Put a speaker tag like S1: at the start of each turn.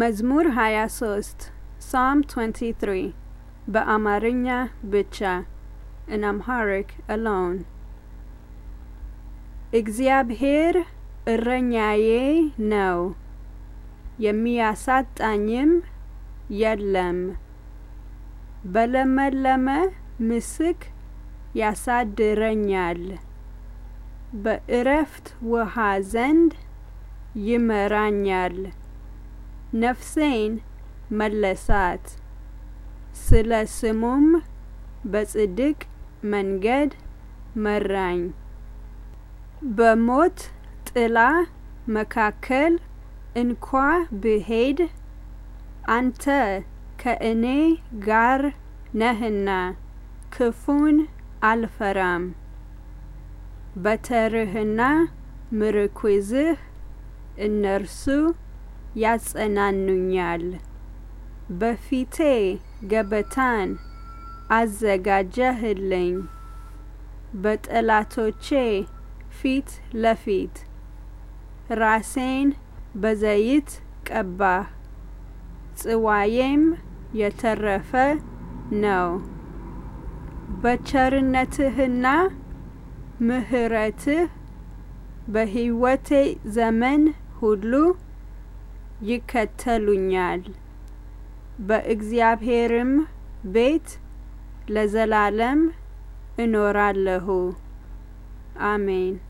S1: መዝሙር 23 ሳም 23 በአማርኛ ብቻ in Amharic alone እግዚአብሔር እረኛዬ ነው የሚያሳጣኝም የለም በለመለመ ምስክ ያሳድረኛል በእረፍት ውሃ ዘንድ ይመራኛል ነፍሴን መለሳት ስለ ስሙም በጽድቅ መንገድ መራኝ በሞት ጥላ መካከል እንኳ ብሄድ አንተ ከእኔ ጋር ነህና ክፉን አልፈራም በተርህና ምርኩዝህ እነርሱ ያጸናኑኛል። በፊቴ ገበታን አዘጋጀህልኝ በጠላቶቼ ፊት ለፊት ራሴን በዘይት ቀባህ፣ ጽዋዬም የተረፈ ነው። በቸርነትህና ምሕረትህ በሕይወቴ ዘመን ሁሉ ይከተሉኛል በእግዚአብሔርም ቤት ለዘላለም እኖራለሁ። አሜን።